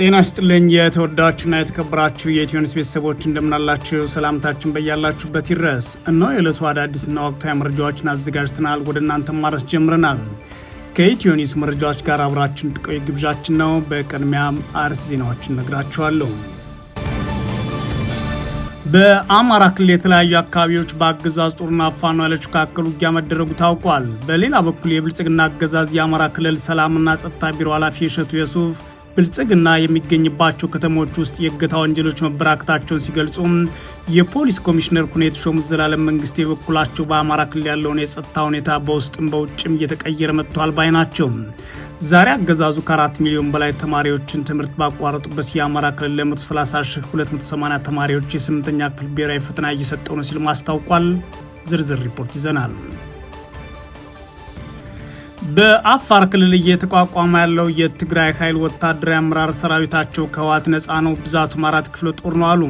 ጤና ስጥልኝ የተወዳችሁና የተከበራችሁ የኢትዮኒስ ቤተሰቦች እንደምናላችሁ ሰላምታችን በያላችሁበት ይድረስ። እነሆ የዕለቱ አዳዲስና ወቅታዊ መረጃዎችን አዘጋጅተናል ወደ እናንተ ማድረስ ጀምረናል። ከኢትዮኒስ መረጃዎች ጋር አብራችን እንድትቆዩ ግብዣችን ነው። በቅድሚያም አርስ ዜናዎችን ነግራችኋለሁ። በአማራ ክልል የተለያዩ አካባቢዎች በአገዛዝ ጦርና ፋኖ ኃይሎች መካከል ውጊያ መደረጉ ታውቋል። በሌላ በኩል የብልጽግና አገዛዝ የአማራ ክልል ሰላምና ጸጥታ ቢሮ ኃላፊ እሸቱ የሱፍ ብልጽግና የሚገኝባቸው ከተሞች ውስጥ የእገታ ወንጀሎች መበራከታቸውን ሲገልጹ የፖሊስ ኮሚሽነር ሁኔታ የተሾሙት ዘላለም መንግስት የበኩላቸው በአማራ ክልል ያለውን የጸጥታ ሁኔታ በውስጥም በውጭም እየተቀየረ መጥቷል ባይ ናቸው። ዛሬ አገዛዙ ከአራት ሚሊዮን በላይ ተማሪዎችን ትምህርት ባቋረጡበት የአማራ ክልል ለ130,280 ተማሪዎች የስምንተኛ ክፍል ብሔራዊ ፈተና እየሰጠው ነው ሲል ማስታውቋል። ዝርዝር ሪፖርት ይዘናል። በአፋር ክልል እየተቋቋመ ያለው የትግራይ ኃይል ወታደራዊ አመራር ሰራዊታቸው ከህወሓት ነፃ ነው፣ ብዛቱም አራት ክፍለ ጦር ነው አሉ።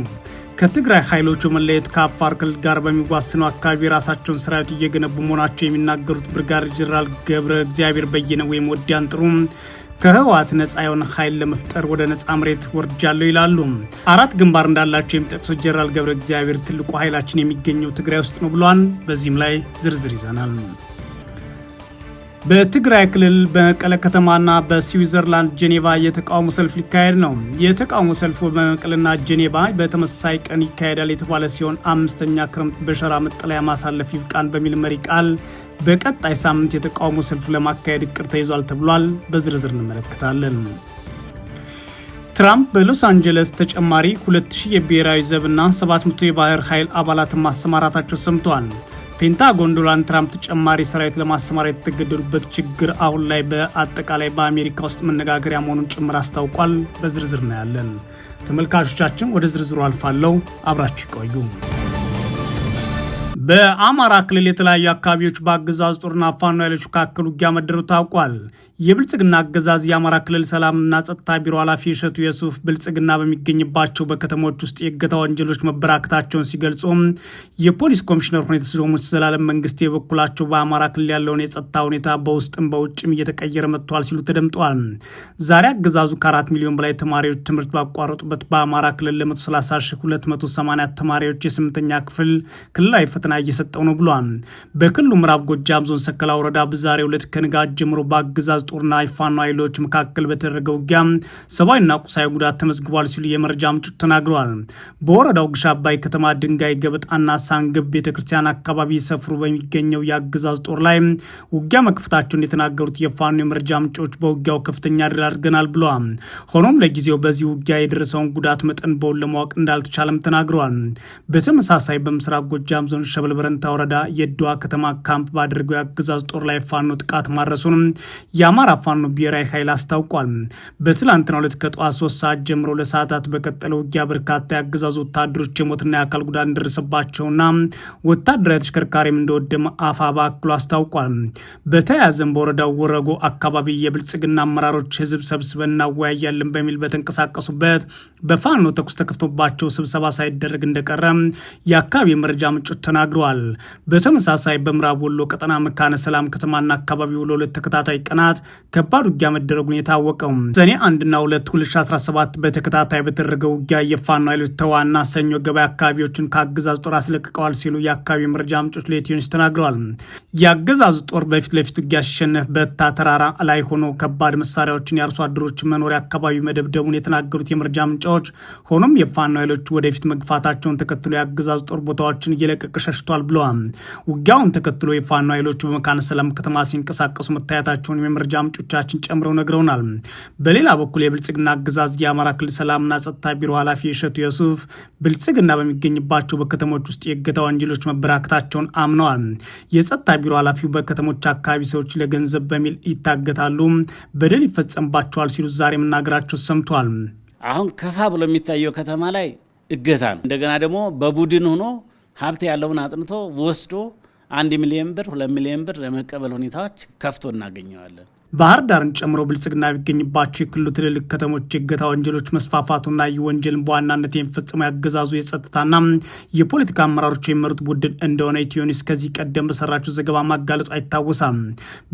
ከትግራይ ኃይሎቹ መለየት ከአፋር ክልል ጋር በሚዋስነው አካባቢ የራሳቸውን ሰራዊት እየገነቡ መሆናቸው የሚናገሩት ብርጋዴር ጄኔራል ገብረ እግዚአብሔር በየነ ወይም ወዲያን ጥሩ ከህወሓት ነፃ የሆነ ኃይል ለመፍጠር ወደ ነፃ መሬት ወርጃለሁ ይላሉ። አራት ግንባር እንዳላቸው የሚጠቅሱት ጄኔራል ገብረ እግዚአብሔር ትልቁ ኃይላችን የሚገኘው ትግራይ ውስጥ ነው ብሏል። በዚህም ላይ ዝርዝር ይዘናል። በትግራይ ክልል በመቀለ ከተማና በስዊዘርላንድ ጄኔቫ የተቃውሞ ሰልፍ ሊካሄድ ነው። የተቃውሞ ሰልፉ በመቀለና ጄኔቫ በተመሳሳይ ቀን ይካሄዳል የተባለ ሲሆን አምስተኛ ክረምት በሸራ መጠለያ ማሳለፍ ይብቃን በሚል መሪ ቃል በቀጣይ ሳምንት የተቃውሞ ሰልፍ ለማካሄድ እቅድ ተይዟል ተብሏል። በዝርዝር እንመለከታለን። ትራምፕ በሎስ አንጀለስ ተጨማሪ 2000 የብሔራዊ ዘብና 700 የባህር ኃይል አባላትን ማሰማራታቸው ሰምተዋል። ፔንታጎን ዶናልድ ትራምፕ ተጨማሪ ሰራዊት ለማሰማር የተገደዱበት ችግር አሁን ላይ በአጠቃላይ በአሜሪካ ውስጥ መነጋገሪያ መሆኑን ጭምር አስታውቋል። በዝርዝር እናያለን። ተመልካቾቻችን ወደ ዝርዝሩ አልፋለሁ። አብራችሁ ይቆዩ። በአማራ ክልል የተለያዩ አካባቢዎች በአገዛዝ ጦርና ፋኖ ኃይሎች መካከል ውጊያ መደረጉ ታውቋል። የብልጽግና አገዛዝ የአማራ ክልል ሰላምና ጸጥታ ቢሮ ኃላፊ እሸቱ የሱፍ ብልጽግና በሚገኝባቸው በከተሞች ውስጥ የእገታ ወንጀሎች መበራከታቸውን ሲገልጹም የፖሊስ ኮሚሽነር ሁኔታ ሲዞሙት ዘላለም መንግስት የበኩላቸው በአማራ ክልል ያለውን የጸጥታ ሁኔታ በውስጥም በውጭም እየተቀየረ መጥቷል ሲሉ ተደምጧል። ዛሬ አገዛዙ ከአራት ሚሊዮን በላይ ተማሪዎች ትምህርት ባቋረጡበት በአማራ ክልል ለ13280 ተማሪዎች የስምንተኛ ክፍል ክልላዊ ፈተና እየሰጠው ነው ብሏል። በክልሉ ምዕራብ ጎጃም ዞን ሰከላ ወረዳ በዛሬው ዕለት ከንጋት ጀምሮ በአገዛዝ ጦርና የፋኖ ኃይሎች መካከል በተደረገ ውጊያ ሰብአዊና ቁሳዊ ጉዳት ተመዝግቧል ሲሉ የመረጃ ምንጮች ተናግረዋል። በወረዳው ግሽ አባይ ከተማ ድንጋይ ገበጣና ሳንግብ ቤተክርስቲያን አካባቢ ሰፍሩ በሚገኘው የአገዛዝ ጦር ላይ ውጊያ መክፈታቸውን የተናገሩት የፋኖ የመረጃ ምንጮች በውጊያው ከፍተኛ ድል አድርገናል ብለዋል። ሆኖም ለጊዜው በዚህ ውጊያ የደረሰውን ጉዳት መጠን በውል ለማወቅ እንዳልተቻለም ተናግረዋል። በተመሳሳይ በምስራቅ ጎጃም ዞን በደብል በረንታ ወረዳ የድዋ ከተማ ካምፕ ባደረገው የአገዛዝ ጦር ላይ ፋኖ ጥቃት ማድረሱን የአማራ ፋኖ ብሔራዊ ኃይል አስታውቋል። በትላንትና ሁለት ከጠዋት ሶስት ሰዓት ጀምሮ ለሰዓታት በቀጠለ ውጊያ በርካታ የአገዛዝ ወታደሮች የሞትና የአካል ጉዳት እንደደረሰባቸውና ወታደራዊ ተሽከርካሪም እንደወደመ አፋባ አክሎ አስታውቋል። በተያያዘም በወረዳው ወረጎ አካባቢ የብልጽግና አመራሮች ህዝብ ሰብስበን እናወያያለን በሚል በተንቀሳቀሱበት በፋኖ ተኩስ ተከፍቶባቸው ስብሰባ ሳይደረግ እንደቀረ የአካባቢ የመረጃ ምንጮች ተናግረዋል። ተናግረዋል። በተመሳሳይ በምዕራብ ወሎ ቀጠና መካነ ሰላም ከተማና አካባቢው ለሁለት ተከታታይ ቀናት ከባድ ውጊያ መደረጉን የታወቀው ሰኔ አንድና ሁለት 2017 በተከታታይ በተደረገ ውጊያ የፋኖ ኃይሎች ተዋና ሰኞ ገበያ አካባቢዎችን ከአገዛዙ ጦር አስለቅቀዋል ሲሉ የአካባቢ መረጃ ምንጮች ለኢትዮኒስ ተናግረዋል። የአገዛዙ ጦር በፊት ለፊት ውጊያ ሲሸነፍ በታ ተራራ ላይ ሆኖ ከባድ መሳሪያዎችን የአርሶ አደሮች መኖሪያ አካባቢ መደብደቡን የተናገሩት የመረጃ ምንጫዎች ሆኖም የፋኖ ኃይሎች ወደፊት መግፋታቸውን ተከትሎ የአገዛዙ ጦር ቦታዎችን እየለቀቀ ተከስቷል ብለዋል። ውጊያውን ተከትሎ የፋኖ ኃይሎች በመካነ ሰላም ከተማ ሲንቀሳቀሱ መታየታቸውን የመረጃ ምንጮቻችን ጨምረው ነግረውናል። በሌላ በኩል የብልጽግና አገዛዝ የአማራ ክልል ሰላምና ጸጥታ ቢሮ ኃላፊ እሸቱ የሱፍ ብልጽግና በሚገኝባቸው በከተሞች ውስጥ የእገታ ወንጀሎች መበራከታቸውን አምነዋል። የጸጥታ ቢሮ ኃላፊው በከተሞች አካባቢ ሰዎች ለገንዘብ በሚል ይታገታሉ፣ በደል ይፈጸምባቸዋል ሲሉ ዛሬ መናገራቸው ሰምቷል። አሁን ከፋ ብሎ የሚታየው ከተማ ላይ እገታ ነው። እንደገና ደግሞ በቡድን ሆኖ ሀብት ያለውን አጥንቶ ወስዶ አንድ ሚሊዮን ብር ሁለት ሚሊዮን ብር ለመቀበል ሁኔታዎች ከፍቶ እናገኘዋለን። ባህር ዳርን ጨምሮ ብልጽግና ቢገኝባቸው የክልሉ ትልልቅ ከተሞች የእገታ ወንጀሎች መስፋፋቱና ይህ ወንጀልን በዋናነት የሚፈጽሙ ያገዛዙ የጸጥታና የፖለቲካ አመራሮች የሚመሩት ቡድን እንደሆነ ኢትዮኒስ ከዚህ ቀደም በሰራቸው ዘገባ ማጋለጡ አይታወሳም።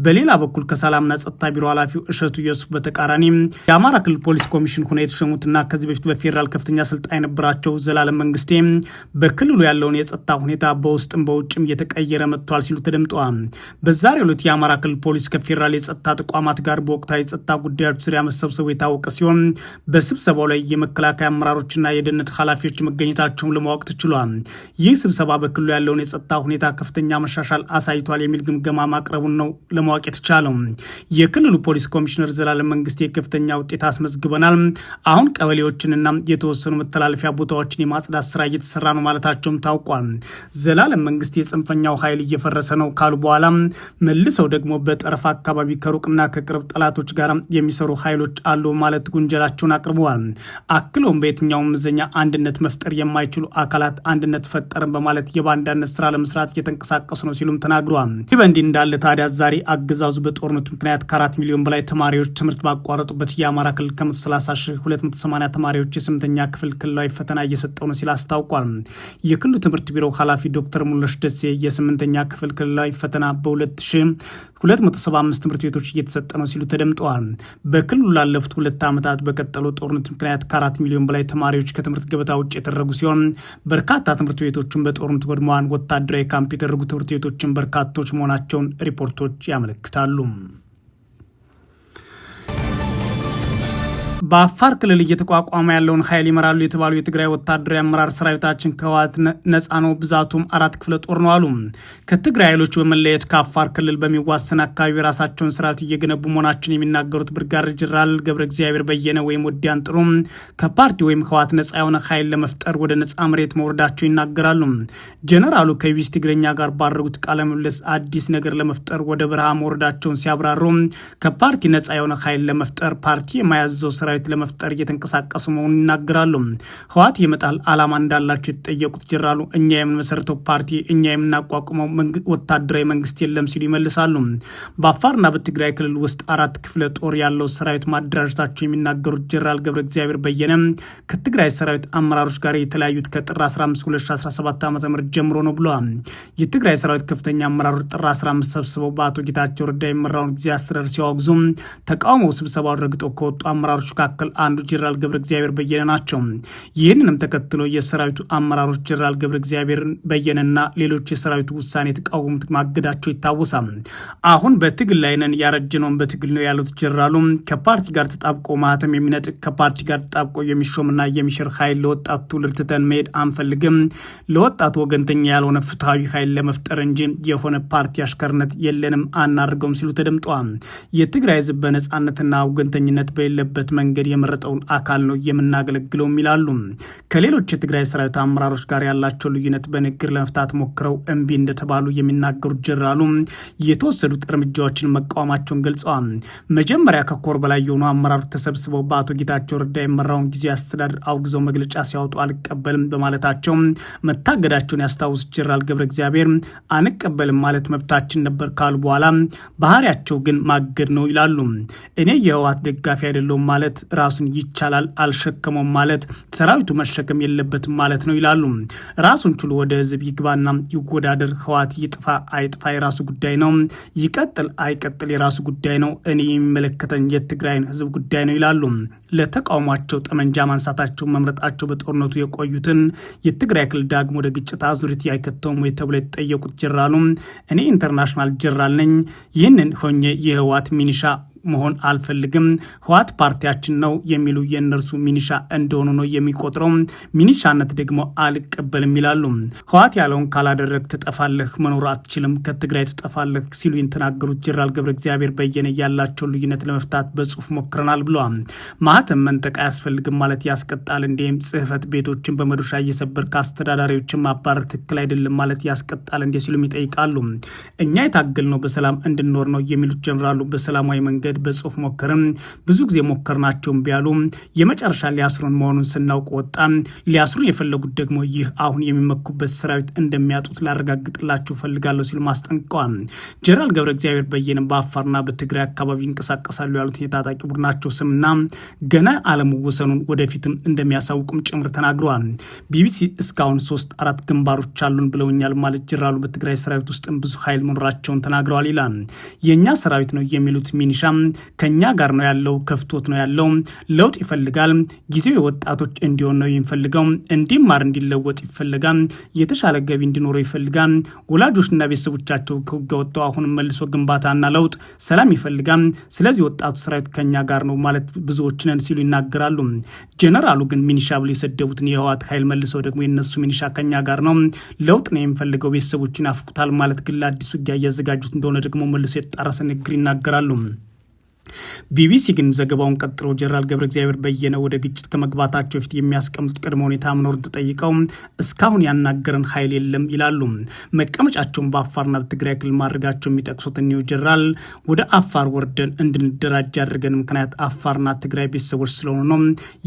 በሌላ በኩል ከሰላምና ጸጥታ ቢሮ ኃላፊው እሸቱ ዮሱፍ በተቃራኒ የአማራ ክልል ፖሊስ ኮሚሽን ሆነው የተሸሙትና ከዚህ በፊት በፌዴራል ከፍተኛ ስልጣን የነበራቸው ዘላለም መንግስቴ በክልሉ ያለውን የጸጥታ ሁኔታ በውስጥም በውጭም እየተቀየረ መጥቷል ሲሉ ተደምጠዋል። በዛሬው ዕለት የአማራ ክልል ፖሊስ ከፌዴራል የጸጥታ ተቋማት ጋር በወቅታዊ ጸጥታ ጉዳዮች ዙሪያ መሰብሰቡ የታወቀ ሲሆን በስብሰባው ላይ የመከላከያ አመራሮችና የደህንነት ኃላፊዎች መገኘታቸውም ለማወቅ ተችሏል። ይህ ስብሰባ በክልሉ ያለውን የጸጥታ ሁኔታ ከፍተኛ መሻሻል አሳይቷል የሚል ግምገማ ማቅረቡን ነው ለማወቅ የተቻለው። የክልሉ ፖሊስ ኮሚሽነር ዘላለም መንግስት ከፍተኛ ውጤት አስመዝግበናል፣ አሁን ቀበሌዎችንና የተወሰኑ መተላለፊያ ቦታዎችን የማጽዳት ስራ እየተሰራ ነው ማለታቸውም ታውቋል። ዘላለም መንግስት የጽንፈኛው ኃይል እየፈረሰ ነው ካሉ በኋላ መልሰው ደግሞ በጠረፍ አካባቢ ከሩቅ ከሩቅና ከቅርብ ጠላቶች ጋር የሚሰሩ ኃይሎች አሉ ማለት ጉንጀላቸውን አቅርበዋል። አክለውም በየትኛውም ምዘኛ አንድነት መፍጠር የማይችሉ አካላት አንድነት ፈጠርን በማለት የባንዳነት ስራ ለመስራት እየተንቀሳቀሱ ነው ሲሉም ተናግረዋል። ይህ በእንዲህ እንዳለ ታዲያ ዛሬ አገዛዙ በጦርነቱ ምክንያት ከአራት ሚሊዮን በላይ ተማሪዎች ትምህርት ባቋረጡበት የአማራ ክልል ከ130280 ተማሪዎች የስምንተኛ ክፍል ክልላዊ ፈተና እየሰጠው ነው ሲል አስታውቋል። የክልሉ ትምህርት ቢሮ ኃላፊ ዶክተር ሙለሽ ደሴ የስምንተኛ ክፍል ክልላዊ ፈተና በ2000 275 ትምህርት ቤቶች እየተሰጠ ነው ሲሉ ተደምጠዋል። በክልሉ ላለፉት ሁለት ዓመታት በቀጠሉ ጦርነት ምክንያት ከአራት ሚሊዮን በላይ ተማሪዎች ከትምህርት ገበታ ውጭ የተደረጉ ሲሆን በርካታ ትምህርት ቤቶችን በጦርነት ወድመዋል። ወታደራዊ ካምፕ የተደረጉ ትምህርት ቤቶችን በርካቶች መሆናቸውን ሪፖርቶች ያመለክታሉ። በአፋር ክልል እየተቋቋመ ያለውን ኃይል ይመራሉ የተባሉ የትግራይ ወታደራዊ አመራር ሰራዊታችን ከህወሓት ነጻ ነው፣ ብዛቱም አራት ክፍለ ጦር ነው አሉ። ከትግራይ ኃይሎች በመለየት ከአፋር ክልል በሚዋሰን አካባቢ የራሳቸውን ስርዓት እየገነቡ መሆናቸውን የሚናገሩት ብርጋዴር ጄኔራል ገብረ እግዚአብሔር በየነ ወይም ወዲያን ጥሩ ከፓርቲ ወይም ህወሓት ነጻ የሆነ ኃይል ለመፍጠር ወደ ነጻ መሬት መውረዳቸው ይናገራሉ። ጄኔራሉ ከቢቢሲ ትግረኛ ጋር ባደረጉት ቃለ ምልልስ አዲስ ነገር ለመፍጠር ወደ በረሃ መውረዳቸውን ሲያብራሩ ከፓርቲ ነጻ የሆነ ኃይል ለመፍጠር ፓርቲ የማያዘው ስራ ሰራዊት ለመፍጠር እየተንቀሳቀሱ መሆኑን ይናገራሉ። ህወሓት የመጣል አላማ እንዳላቸው የተጠየቁት ጀራሉ እኛ የምንመሰረተው ፓርቲ እኛ የምናቋቁመው ወታደራዊ መንግስት የለም ሲሉ ይመልሳሉ። በአፋርና በትግራይ ክልል ውስጥ አራት ክፍለ ጦር ያለው ሰራዊት ማደራጀታቸው የሚናገሩት ጀራል ገብረ እግዚአብሔር በየነ ከትግራይ ሰራዊት አመራሮች ጋር የተለያዩት ከጥር 15 2017 ዓ ም ጀምሮ ነው ብለዋል። የትግራይ ሰራዊት ከፍተኛ አመራሮች ጥር 15 ሰብስበው በአቶ ጌታቸው ረዳ የሚመራውን ጊዜ አስተዳደር ሲያወግዙ ተቃውሞ ስብሰባ ረግጦ ከወጡ አመራሮች መካከል አንዱ ጀኔራል ገብረ እግዚአብሔር በየነ ናቸው። ይህንንም ተከትሎ የሰራዊቱ አመራሮች ጀኔራል ገብረ እግዚአብሔር በየነና ሌሎች የሰራዊቱ ውሳኔ የተቃወሙት ማገዳቸው ይታወሳል። አሁን በትግል ላይ ነን፣ ያረጀነውን በትግል ነው ያሉት ጀኔራሉ ከፓርቲ ጋር ተጣብቆ ማህተም የሚነጥቅ ከፓርቲ ጋር ተጣብቆ የሚሾምና የሚሽር ኃይል ለወጣቱ ትውልድ ትተን መሄድ አንፈልግም። ለወጣቱ ወገንተኛ ያልሆነ ፍትሐዊ ኃይል ለመፍጠር እንጂ የሆነ ፓርቲ አሽከርነት የለንም፣ አናደርገውም ሲሉ ተደምጠዋል። የትግራይ ህዝብ በነጻነትና ወገንተኝነት በሌለበት መንገድ መንገድ የመረጠውን አካል ነው የምናገለግለውም ይላሉ። ከሌሎች የትግራይ ሰራዊት አመራሮች ጋር ያላቸው ልዩነት በንግግር ለመፍታት ሞክረው እምቢ እንደተባሉ የሚናገሩት ጀነራሉ የተወሰዱት እርምጃዎችን መቃወማቸውን ገልጸዋል። መጀመሪያ ከኮር በላይ የሆኑ አመራሮች ተሰብስበው በአቶ ጌታቸው ረዳ የመራውን ጊዜ አስተዳደር አውግዘው መግለጫ ሲያወጡ አልቀበልም በማለታቸው መታገዳቸውን ያስታውስ ጀነራል ገብረ እግዚአብሔር አንቀበልም ማለት መብታችን ነበር ካሉ በኋላ ባህሪያቸው ግን ማገድ ነው ይላሉ። እኔ የህወሓት ደጋፊ አይደለውም ማለት ማለት ራሱን ይቻላል አልሸከመም ማለት ሰራዊቱ መሸከም የለበትም ማለት ነው ይላሉ። ራሱን ችሎ ወደ ህዝብ ይግባና ይወዳደር፣ ህዋት ይጥፋ አይጥፋ የራሱ ጉዳይ ነው፣ ይቀጥል አይቀጥል የራሱ ጉዳይ ነው፣ እኔ የሚመለከተኝ የትግራይን ህዝብ ጉዳይ ነው ይላሉ። ለተቃውሟቸው ጠመንጃ ማንሳታቸው መምረጣቸው በጦርነቱ የቆዩትን የትግራይ ክልል ዳግሞ ወደ ግጭት አዙሪት አይከተውም ወይ ተብሎ የተጠየቁት ጀራሉ እኔ ኢንተርናሽናል ጀራል ነኝ፣ ይህንን ሆኜ የህዋት ሚኒሻ መሆን አልፈልግም፣ ህወሓት ፓርቲያችን ነው የሚሉ የእነርሱ ሚኒሻ እንደሆኑ ነው የሚቆጥረው። ሚኒሻነት ደግሞ አልቀበልም ይላሉ። ህወሓት ያለውን ካላደረግ ትጠፋለህ፣ መኖር አትችልም፣ ከትግራይ ትጠፋለህ ሲሉ የተናገሩት ጀነራል ገብረ እግዚአብሔር በየነ ያላቸው ልዩነት ለመፍታት በጽሁፍ ሞክረናል ብለዋል። ማህተም መንጠቅ አያስፈልግም ማለት ያስቀጣል፣ እንዲህም ጽህፈት ቤቶችን በመዶሻ እየሰበር ከአስተዳዳሪዎችን ማባረር ትክክል አይደለም ማለት ያስቀጣል፣ እንዲህ ሲሉም ይጠይቃሉ። እኛ የታገልነው በሰላም እንድንኖር ነው የሚሉት ጀነራሉ በሰላማዊ መንገድ ለማስወገድ በጽሁፍ ሞከርም ብዙ ጊዜ ናቸውም ቢያሉ የመጨረሻ ሊያስሩን መሆኑን ስናውቅ ወጣ። ሊያስሩን የፈለጉት ደግሞ ይህ አሁን የሚመኩበት ሰራዊት እንደሚያጡት ላረጋግጥላችሁ ፈልጋለሁ ሲሉ ማስጠንቀዋል ጀነራል ገብረ እግዚአብሔር በየነ በአፋርና በትግራይ አካባቢ ይንቀሳቀሳሉ ያሉት የታጣቂ ቡድናቸው ስምና ገና አለመወሰኑን ወደፊትም እንደሚያሳውቁም ጭምር ተናግረዋል። ቢቢሲ እስካሁን ሶስት አራት ግንባሮች አሉን ብለውኛል ማለት ጀነራሉ በትግራይ ሰራዊት ውስጥም ብዙ ኃይል መኖራቸውን ተናግረዋል ይላል። የእኛ ሰራዊት ነው የሚሉት ሚኒሻም ከኛ ጋር ነው ያለው፣ ከፍቶት ነው ያለው። ለውጥ ይፈልጋል። ጊዜው የወጣቶች እንዲሆን ነው የሚፈልገው። እንዲማር እንዲለወጥ ይፈልጋል። የተሻለ ገቢ እንዲኖረው ይፈልጋል። ወላጆችና ቤተሰቦቻቸው ከውጊያ ወጥተው አሁን መልሶ ግንባታና ለውጥ፣ ሰላም ይፈልጋል። ስለዚህ ወጣቱ ሰራዊት ከኛ ጋር ነው ማለት ብዙዎችንን ሲሉ ይናገራሉ። ጀነራሉ ግን ሚኒሻ ብሎ የሰደቡትን የህወሓት ኃይል መልሰው ደግሞ የነሱ ሚኒሻ ከኛ ጋር ነው ለውጥ ነው የሚፈልገው ቤተሰቦችን ያፍቁታል ማለት ግን ለአዲሱ ውጊያ እያዘጋጁት እንደሆነ ደግሞ መልሶ የጣረሰ ንግግር ይናገራሉ። ቢቢሲ ግን ዘገባውን ቀጥሎ ጀነራል ገብረ እግዚአብሔር በየነ ወደ ግጭት ከመግባታቸው በፊት የሚያስቀምጡት ቅድመ ሁኔታ መኖሩን ተጠይቀው እስካሁን ያናገረን ኃይል የለም ይላሉ። መቀመጫቸውን በአፋርና በትግራይ ክልል ማድረጋቸው የሚጠቅሱት እኒው ጀነራል ወደ አፋር ወርደን እንድንደራጅ ያደርገን ምክንያት አፋርና ትግራይ ቤተሰቦች ስለሆኑ ነው።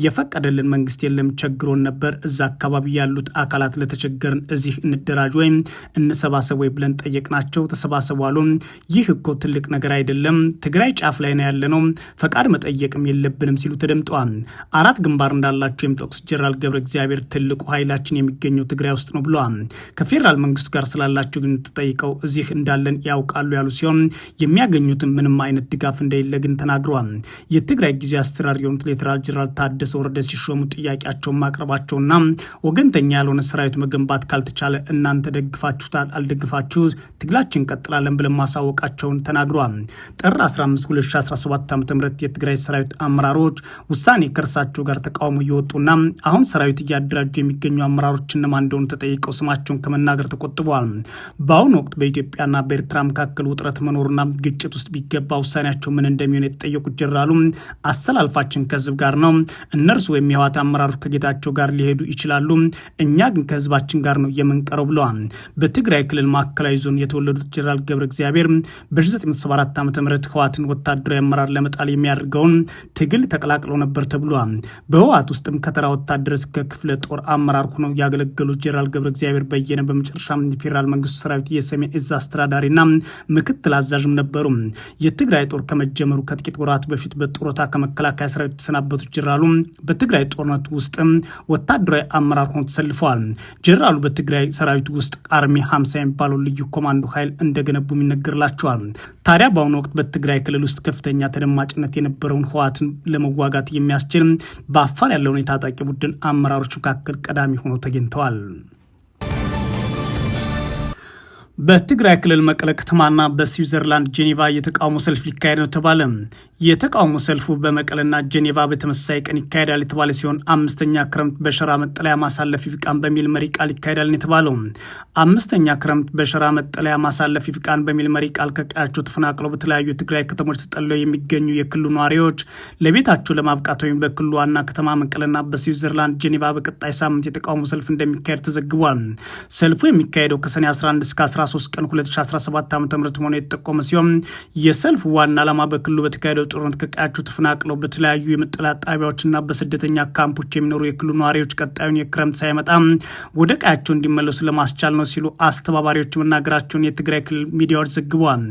የፈቀደልን መንግስት የለም፣ ቸግሮን ነበር። እዛ አካባቢ ያሉት አካላት ለተቸገርን እዚህ እንደራጅ ወይም እንሰባሰብ ወይ ብለን ጠየቅናቸው። ተሰባሰቡ አሉ። ይህ እኮ ትልቅ ነገር አይደለም። ትግራይ ጫፍ ላይ ነው ያለ ነው፣ ፈቃድ መጠየቅም የለብንም ሲሉ ተደምጠዋል። አራት ግንባር እንዳላቸው የሚጠቅሱት ጀነራል ገብረ እግዚአብሔር ትልቁ ኃይላችን የሚገኘው ትግራይ ውስጥ ነው ብለዋል። ከፌዴራል መንግስቱ ጋር ስላላቸው ግን ተጠይቀው እዚህ እንዳለን ያውቃሉ ያሉ ሲሆን የሚያገኙትን ምንም አይነት ድጋፍ እንደሌለ ግን ተናግረዋል። የትግራይ ጊዜ አስተራር የሆኑት ሌተናል ጀነራል ታደሰ ወረደ ሲሾሙ ጥያቄያቸውን ማቅረባቸውና ወገንተኛ ያልሆነ ሰራዊት መገንባት ካልተቻለ እናንተ ደግፋችሁታል አልደግፋችሁ ትግላችን ቀጥላለን ብለን ማሳወቃቸውን ተናግረዋል። ጥር 15 2017 2017 ዓ ም የትግራይ ሰራዊት አመራሮች ውሳኔ ከእርሳቸው ጋር ተቃውሞ እየወጡና አሁን ሰራዊት እያደራጁ የሚገኙ አመራሮች እነማን እንደሆኑ ተጠይቀው ስማቸውን ከመናገር ተቆጥበዋል። በአሁኑ ወቅት በኢትዮጵያና በኤርትራ መካከል ውጥረት መኖሩና ግጭት ውስጥ ቢገባ ውሳኔያቸው ምን እንደሚሆን የተጠየቁት ጀነራሉ አሰላልፋችን ከህዝብ ጋር ነው። እነርሱ ወይም የህወሓት አመራሮች ከጌታቸው ጋር ሊሄዱ ይችላሉ፣ እኛ ግን ከህዝባችን ጋር ነው የምንቀረው ብለዋል። በትግራይ ክልል ማዕከላዊ ዞን የተወለዱት ጀነራል ገብረ እግዚአብሔር በ974 ዓ ም ህወሓትን ወታደራዊ አመራር ለመጣል የሚያደርገውን ትግል ተቀላቅለው ነበር ተብሏል። በህወሓት ውስጥም ከተራ ወታደር እስከ ክፍለ ጦር አመራር ሆነው ያገለገሉት ጄኔራል ገብረ እግዚአብሔር በየነ በመጨረሻ የፌዴራል መንግስቱ ሰራዊት የሰሜን እዝ አስተዳዳሪና ምክትል አዛዥም ነበሩ። የትግራይ ጦር ከመጀመሩ ከጥቂት ወራት በፊት በጡረታ ከመከላከያ ሰራዊት የተሰናበቱት ጄኔራሉ በትግራይ ጦርነት ውስጥም ወታደራዊ አመራር ሆነው ተሰልፈዋል። ጄኔራሉ በትግራይ ሰራዊት ውስጥ አርሚ 50 የሚባለው ልዩ ኮማንዶ ኃይል እንደገነቡ ይነገርላቸዋል። ታዲያ በአሁኑ ወቅት በትግራይ ክልል ውስጥ ከፍተኛ ከፍተኛ ተደማጭነት የነበረውን ህወሓትን ለመዋጋት የሚያስችል በአፋር ያለውን የታጣቂ ቡድን አመራሮች መካከል ቀዳሚ ሆነው ተገኝተዋል። በትግራይ ክልል መቀለ ከተማና በስዊዘርላንድ ጄኔቫ የተቃውሞ ሰልፍ ሊካሄድ ነው ተባለ። የተቃውሞ ሰልፉ በመቀለና ጄኔቫ በተመሳሳይ ቀን ይካሄዳል የተባለ ሲሆን አምስተኛ ክረምት በሸራ መጠለያ ማሳለፍ ይብቃን በሚል መሪ ቃል ይካሄዳል የተባለው አምስተኛ ክረምት በሸራ መጠለያ ማሳለፍ ይብቃን በሚል መሪ ቃል ከቀያቸው ተፈናቅለው በተለያዩ ትግራይ ከተሞች ተጠለው የሚገኙ የክልሉ ነዋሪዎች ለቤታቸው ለማብቃት ወይም በክልሉ ዋና ከተማ መቀለና በስዊዘርላንድ ጄኔቫ በቀጣይ ሳምንት የተቃውሞ ሰልፍ እንደሚካሄድ ተዘግቧል። ሰልፉ የሚካሄደው ከሰኔ 11 እስከ 13 ቀን 2017 ዓ ም መሆኑ የተጠቆመ ሲሆን የሰልፉ ዋና ዓላማ በክልሉ በተካሄደው በጦርነት ከቀያቸው ተፈናቅለው በተለያዩ የመጠለያ ጣቢያዎችና በስደተኛ ካምፖች የሚኖሩ የክልሉ ነዋሪዎች ቀጣዩን የክረምት ሳይመጣ ወደ ቀያቸው እንዲመለሱ ለማስቻል ነው ሲሉ አስተባባሪዎች መናገራቸውን የትግራይ ክልል ሚዲያዎች ዘግበዋል።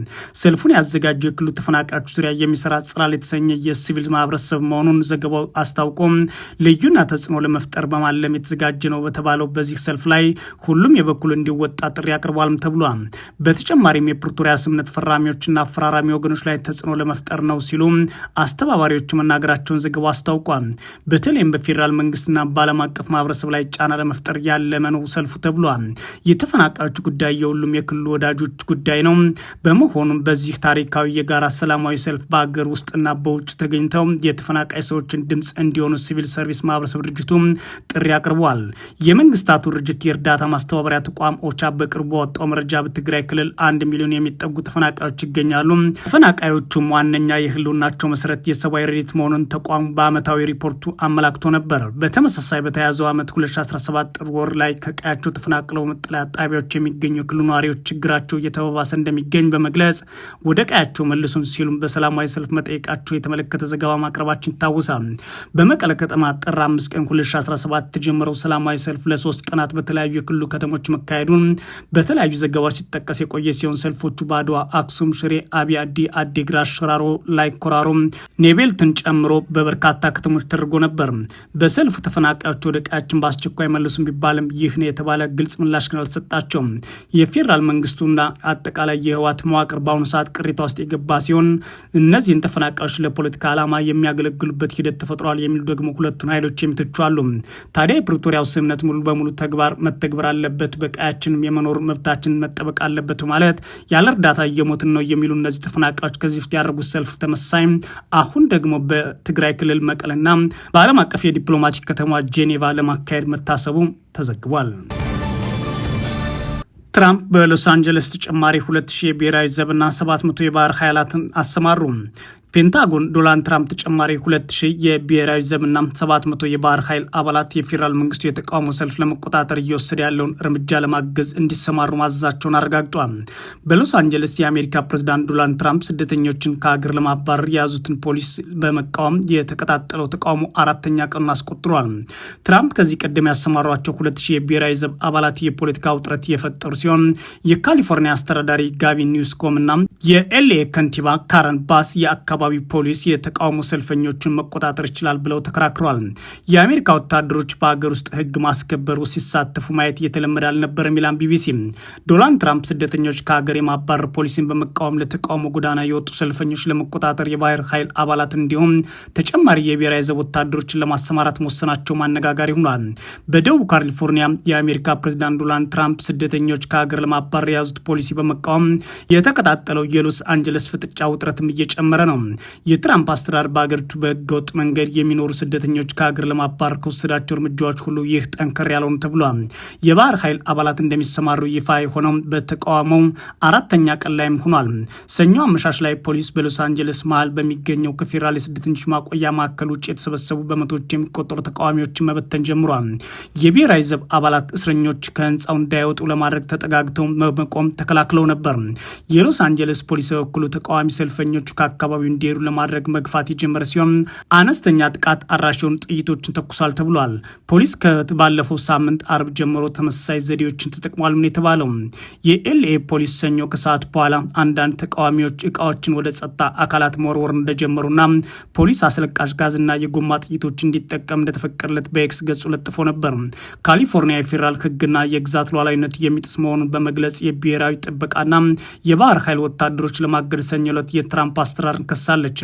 ሰልፉን ያዘጋጀው የክልሉ ተፈናቃዮች ዙሪያ የሚሰራ ጽላል የተሰኘ የሲቪል ማህበረሰብ መሆኑን ዘገባው አስታውቆ ልዩና ተጽዕኖ ለመፍጠር በማለም የተዘጋጀ ነው በተባለው በዚህ ሰልፍ ላይ ሁሉም የበኩል እንዲወጣ ጥሪ አቅርቧልም ተብሏል። በተጨማሪም የፕሪቶሪያ ስምምነት ፈራሚዎችና አፈራራሚ ወገኖች ላይ ተጽዕኖ ለመፍጠር ነው ሲሉ አስተባባሪዎቹ መናገራቸውን ዘገባው አስታውቋል። በተለይም በፌዴራል መንግስትና በዓለም አቀፍ ማህበረሰብ ላይ ጫና ለመፍጠር ያለመ ነው ሰልፉ ተብሏል። የተፈናቃዮች ጉዳይ የሁሉም የክልሉ ወዳጆች ጉዳይ ነው። በመሆኑም በዚህ ታሪካዊ የጋራ ሰላማዊ ሰልፍ በአገር ውስጥና በውጭ ተገኝተው የተፈናቃይ ሰዎችን ድምፅ እንዲሆኑ ሲቪል ሰርቪስ ማህበረሰብ ድርጅቱ ጥሪ አቅርቧል። የመንግስታቱ ድርጅት የእርዳታ ማስተባበሪያ ተቋም ኦቻ በቅርቡ ወጣው መረጃ በትግራይ ክልል አንድ ሚሊዮን የሚጠጉ ተፈናቃዮች ይገኛሉ። ተፈናቃዮቹም ዋነኛ የህልው ህልውናቸው መሰረት የሰብአዊ ረድኤት መሆኑን ተቋሙ በአመታዊ ሪፖርቱ አመላክቶ ነበር። በተመሳሳይ በተያዘው ዓመት 2017 ጥር ወር ላይ ከቀያቸው ተፈናቅለው መጠለያ ጣቢያዎች የሚገኙ የክልሉ ነዋሪዎች ችግራቸው እየተባባሰ እንደሚገኝ በመግለጽ ወደ ቀያቸው መልሱን ሲሉም በሰላማዊ ሰልፍ መጠየቃቸው የተመለከተ ዘገባ ማቅረባችን ይታወሳል። በመቀለ ከተማ ጥር አምስት ቀን 2017 የተጀመረው ሰላማዊ ሰልፍ ለሶስት ቀናት በተለያዩ የክልሉ ከተሞች መካሄዱን በተለያዩ ዘገባዎች ሲጠቀስ የቆየ ሲሆን ሰልፎቹ በአድዋ፣ አክሱም፣ ሽሬ፣ አብያዲ፣ አዲግራት፣ ሽራሮ ላይ አተኮራሩም ኔቤልትን ጨምሮ በበርካታ ከተሞች ተደርጎ ነበር። በሰልፉ ተፈናቃዮች ወደ ቀያችን በአስቸኳይ መልሱ ቢባልም ይህ ነው የተባለ ግልጽ ምላሽ ግን አልተሰጣቸውም። የፌዴራል መንግስቱና አጠቃላይ የህወሓት መዋቅር በአሁኑ ሰዓት ቅሬታ ውስጥ የገባ ሲሆን እነዚህን ተፈናቃዮች ለፖለቲካ ዓላማ የሚያገለግሉበት ሂደት ተፈጥሯል የሚሉ ደግሞ ሁለቱን ኃይሎች የሚተቹ አሉ። ታዲያ የፕሪቶሪያው ስምምነት ሙሉ በሙሉ ተግባር መተግበር አለበት፣ በቀያችን የመኖር መብታችን መጠበቅ አለበት ማለት ያለ እርዳታ እየሞትን ነው የሚሉ እነዚህ ተፈናቃዮች ከዚህ በፊት ያደረጉት ሰልፍ ተመሳ ፈረንሳይ፣ አሁን ደግሞ በትግራይ ክልል መቀለና በዓለም አቀፍ የዲፕሎማቲክ ከተማ ጄኔቫ ለማካሄድ መታሰቡ ተዘግቧል። ትራምፕ በሎስ አንጀለስ ተጨማሪ 2000 የብሔራዊ ዘብና 700 የባህር ኃይላትን አሰማሩ። ፔንታጎን ዶናልድ ትራምፕ ተጨማሪ 2000 የብሔራዊ ዘብና 700 የባህር ኃይል አባላት የፌዴራል መንግስቱ የተቃውሞ ሰልፍ ለመቆጣጠር እየወሰደ ያለውን እርምጃ ለማገዝ እንዲሰማሩ ማዘዛቸውን አረጋግጧል። በሎስ አንጀለስ የአሜሪካ ፕሬዚዳንት ዶናልድ ትራምፕ ስደተኞችን ከሀገር ለማባረር የያዙትን ፖሊስ በመቃወም የተቀጣጠለው ተቃውሞ አራተኛ ቀኑን አስቆጥሯል። ትራምፕ ከዚህ ቀደም ያሰማሯቸው 2000 የብሔራዊ ዘብ አባላት የፖለቲካ ውጥረት እየፈጠሩ ሲሆን የካሊፎርኒያ አስተዳዳሪ ጋቪን ኒውስኮም እና የኤልኤ ከንቲባ ካረን ባስ የአካባቢ አካባቢ ፖሊስ የተቃውሞ ሰልፈኞችን መቆጣጠር ይችላል ብለው ተከራክረዋል። የአሜሪካ ወታደሮች በሀገር ውስጥ ህግ ማስከበሩ ሲሳተፉ ማየት እየተለመደ አልነበረም ይላል ቢቢሲ። ዶናልድ ትራምፕ ስደተኞች ከሀገር የማባረር ፖሊሲን በመቃወም ለተቃውሞ ጎዳና የወጡ ሰልፈኞች ለመቆጣጠር የባህር ኃይል አባላት እንዲሁም ተጨማሪ የብሔራዊ ዘብ ወታደሮችን ለማሰማራት መወሰናቸው ማነጋጋሪ ሆኗል። በደቡብ ካሊፎርኒያ የአሜሪካ ፕሬዚዳንት ዶናልድ ትራምፕ ስደተኞች ከሀገር ለማባረር የያዙት ፖሊሲ በመቃወም የተቀጣጠለው የሎስ አንጀለስ ፍጥጫ ውጥረትም እየጨመረ ነው። የትራምፕ አስተዳደር በሀገሪቱ በህገወጥ መንገድ የሚኖሩ ስደተኞች ከሀገር ለማባረር ከወሰዳቸው እርምጃዎች ሁሉ ይህ ጠንከር ያለውን ተብሏል። የባህር ኃይል አባላት እንደሚሰማሩ ይፋ የሆነው በተቃውሞው አራተኛ ቀን ላይም ሆኗል። ሰኞ አመሻሽ ላይ ፖሊስ በሎስ አንጀለስ መሀል በሚገኘው ከፌዴራል የስደተኞች ማቆያ ማዕከል ውጭ የተሰበሰቡ በመቶዎች የሚቆጠሩ ተቃዋሚዎችን መበተን ጀምሯል። የብሔራዊ ዘብ አባላት እስረኞች ከህንፃው እንዳይወጡ ለማድረግ ተጠጋግተው መቆም ተከላክለው ነበር። የሎስ አንጀለስ ፖሊስ በበኩሉ ተቃዋሚ ሰልፈኞቹ ከአካባቢው እንዲሄዱ ለማድረግ መግፋት የጀመረ ሲሆን አነስተኛ ጥቃት አራሽ የሆኑ ጥይቶችን ተኩሷል ተብሏል። ፖሊስ ከባለፈው ሳምንት አርብ ጀምሮ ተመሳሳይ ዘዴዎችን ተጠቅሟል ነው የተባለው። የኤልኤ ፖሊስ ሰኞ ከሰዓት በኋላ አንዳንድ ተቃዋሚዎች እቃዎችን ወደ ጸጥታ አካላት መወርወር እንደጀመሩና ፖሊስ አስለቃሽ ጋዝና የጎማ ጥይቶች እንዲጠቀም እንደተፈቀደለት በኤክስ ገጹ ለጥፎ ነበር። ካሊፎርኒያ የፌዴራል ህግና የግዛት ሉዓላዊነት የሚጥስ መሆኑን በመግለጽ የብሔራዊ ጥበቃና የባህር ኃይል ወታደሮች ለማገድ ሰኞ ዕለት የትራምፕ አስተራርን ከሳ ከሳለች።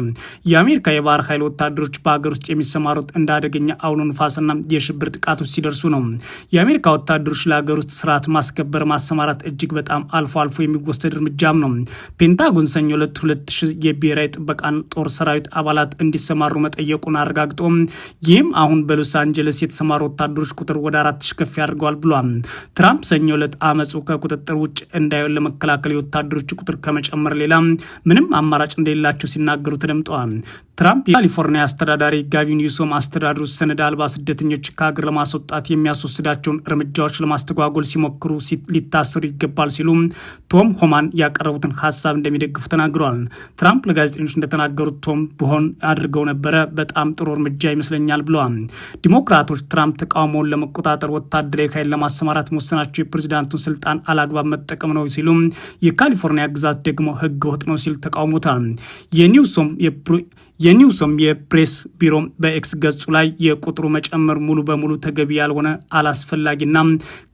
የአሜሪካ የባህር ኃይል ወታደሮች በሀገር ውስጥ የሚሰማሩት እንደ አደገኛ አውሎ ንፋስና የሽብር ጥቃቶች ሲደርሱ ነው። የአሜሪካ ወታደሮች ለሀገር ውስጥ ስርዓት ማስከበር ማሰማራት እጅግ በጣም አልፎ አልፎ የሚወሰድ እርምጃም ነው። ፔንታጎን ሰኞ ዕለት ሁለት ሺህ የብሔራዊ ጥበቃን ጦር ሰራዊት አባላት እንዲሰማሩ መጠየቁን አረጋግጦ ይህም አሁን በሎስ አንጀለስ የተሰማሩ ወታደሮች ቁጥር ወደ አራት ሺ ከፍ ያድርገዋል ብሏል። ትራምፕ ሰኞ ዕለት አመፁ ከቁጥጥር ውጭ እንዳይሆን ለመከላከል የወታደሮች ቁጥር ከመጨመር ሌላ ምንም አማራጭ እንደሌላቸው ሲና ሲናገሩ ተደምጠዋል። ትራምፕ የካሊፎርኒያ አስተዳዳሪ ጋቪን ኒውሶም አስተዳደሩ ሰነድ አልባ ስደተኞች ከሀገር ለማስወጣት የሚያስወስዳቸውን እርምጃዎች ለማስተጓጎል ሲሞክሩ ሊታሰሩ ይገባል ሲሉ ቶም ሆማን ያቀረቡትን ሀሳብ እንደሚደግፉ ተናግረዋል። ትራምፕ ለጋዜጠኞች እንደተናገሩት ቶም በሆን አድርገው ነበረ፣ በጣም ጥሩ እርምጃ ይመስለኛል ብለዋል። ዲሞክራቶች ትራምፕ ተቃውሞውን ለመቆጣጠር ወታደራዊ ኃይል ለማሰማራት መወሰናቸው የፕሬዚዳንቱን ስልጣን አላግባብ መጠቀም ነው ሲሉ፣ የካሊፎርኒያ ግዛት ደግሞ ህገ ወጥ ነው ሲል ተቃውሞታል። የኒውሶም የኒውሶም የፕሬስ ቢሮ በኤክስ ገጹ ላይ የቁጥሩ መጨመር ሙሉ በሙሉ ተገቢ ያልሆነ አላስፈላጊና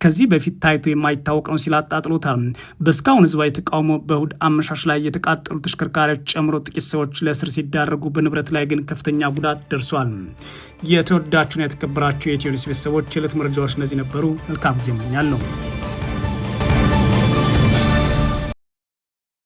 ከዚህ በፊት ታይቶ የማይታወቅ ነው ሲል አጣጥሎታል። በእስካሁን ህዝባዊ ተቃውሞ በእሁድ አመሻሽ ላይ የተቃጠሉ ተሽከርካሪዎች ጨምሮ ጥቂት ሰዎች ለእስር ሲዳረጉ በንብረት ላይ ግን ከፍተኛ ጉዳት ደርሷል። የተወዳችሁና የተከበራችሁ የኢትዮ ኒውስ ቤተሰቦች የዕለት መረጃዎች እነዚህ ነበሩ። መልካም ጊዜ እመኛለሁ።